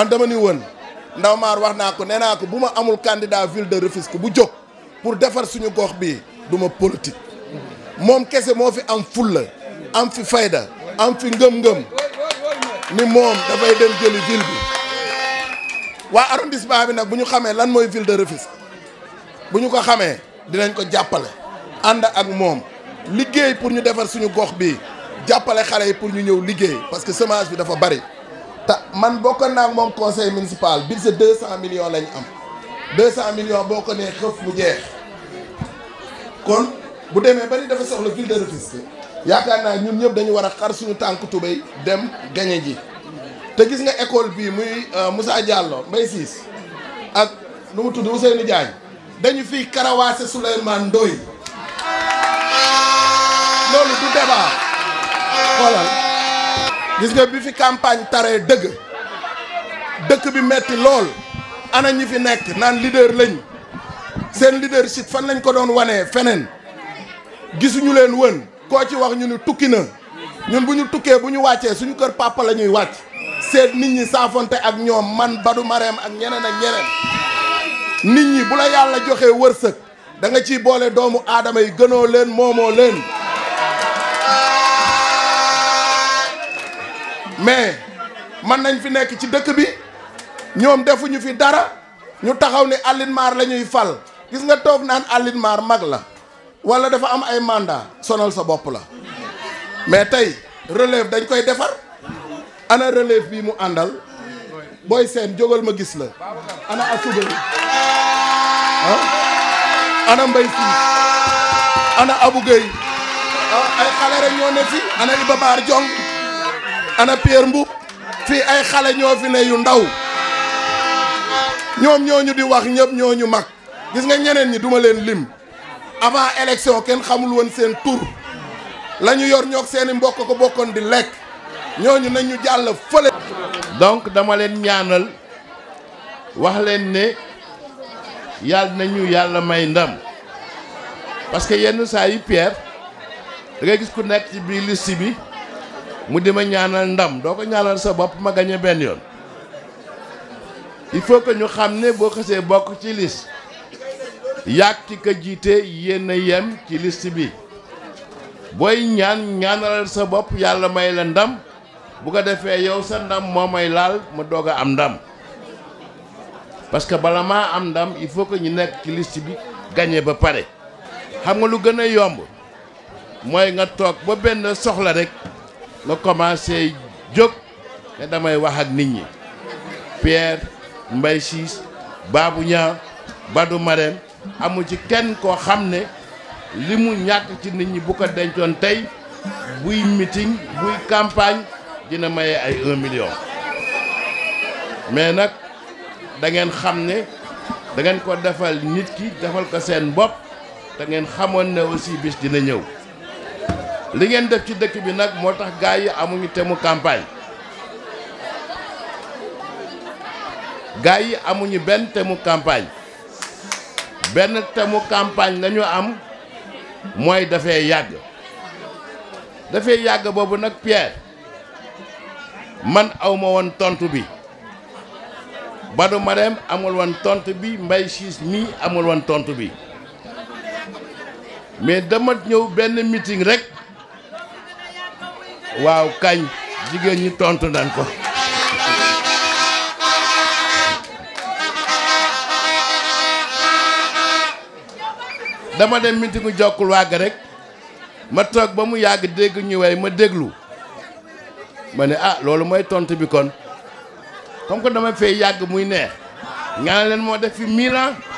man dama ni woon Ndaw Maar wax naa ko nee naa ko bu ma amul candidat ville de ko bu jóg pour defar suñu gox bii du ma politique moom kese moo fi am fulla am fi fayda am fi ngëm-ngëm ni moom dafay dem jëli ville bi waa arrondissement bi nag bu ñu xamee lan mooy ville de Rufisque bu ñu ko xamee dinañ ko jàppale ànd ak moom liggéey pour ñu defar suñu gox bi jàppale xale yi pour ñu ñëw liggéey parce que chômage bi dafa bari te man bokkoon naa ak moom conseil municipal budget deux cent millions lañ am deux cent millions boo ko nee xëf mu jeex kon bu demee bari dafa soxla ville de Rufisque yaakaar naa ñun ñëpp dañu war a xar suñu tànk tubéy dem gañe ji te gis nga école bii muy euh, Moussa Diallo Mbaye Ciss ak nu mu tudd Ousseynou Diagne dañu fiy karawaase Souleymane Ndoye loolu du débat xoolal gis nga bi fi campagne taree dëgg dëkk bi metti lool ana ñi fi nekk naan leader lañ seen sit fan lañ ko doon wanee feneen gisuñu leen wën koo ci wax ñu ni tukki na ñun bu ñu tukkee bu ñu wàccee suñu kër papa la ñuy wàcc seet nit ñi saafonte ak ñoom man Badou mareem ak ñeneen ak ñeneen nit ñi bu la yàlla joxee wërsëg da nga ciy boole doomu aadama yi gënoo leen moomoo leen mais man nañ fi nekk ci dëkk bi ñoom defuñu fi dara ñu taxaw ni Aline Mar la ñuy fal gis nga toog naan Aline Mar mag la wala dafa am ay mandat sonal sa bopp la mais tey relève dañ koy defar ana relève bii mu àndal booy seen jógal ma gis la ana asubal ah? ana mbay fii ana abu gay ah, ay xale rek ñoo ne fi ana Iba Mar Diong ana Pierre mbou fi ay xalé fi ne yu di wax gis nga ñeneen ñi duma leen lim avant élection xamul la yor ñok mbokk ko di nañu donc dama leen ñaanal wax leen ne nañu yalla may ndam parce que yenn saa yi Pierre da ngay gis ku nekk ci mu di ma ñaanal ndam doo ko ñaanal sa bopp ma gañe benn yoon il faut que ñu xam ne boo xasee bokk ci liste yàgg ci ka jiite yéen a yem ci liste bi booy ñaan ñaanalal sa bopp yàlla may la ndam bu ko defee yow sa ndam moo may laal ma doog a am ndam parce que bala maa am ndam il faut que ñu nekk ci liste bi gañe ba pare xam nga lu gën a yomb mooy nga toog ba benn soxla rek la commencé jóg te damay wax ak nit ñi Pierre mbay Ciss Babou Niang Badou Marème amul ci kenn koo xam ne li mu ñàkk ci nit ñi bu ko dencoon tey buy mitin buy campagne dina maye ay un million mais nag da ngeen xam ne da ngeen ko defal nit ki defal ko seen bopp da ngeen xamoon ne aussi bis dina ñëw li ngeen def ci dëkk bi nag moo tax gaa yi amuñu temu campagne gars yi amuñu benn temu campagne benn temu campagne lañu am mooy dafay yàgg dafay yàgg boobu nag Pierre man awma woon tontu bi Badou Marème amul woon tontu bi mbay Ciss mii amul woon tontu bi mais dama ñëw benn meeting rek waaw kañ jigéen ñi tontu nañ ko dama dem mintigu jokkul wàgg rek ma toog ba mu yàgg dégg ñu way ma déglu ma ne a ah, loolu mooy tontu bi kon comme dama fee yàgg muy neex ñaan leen moo def fi mille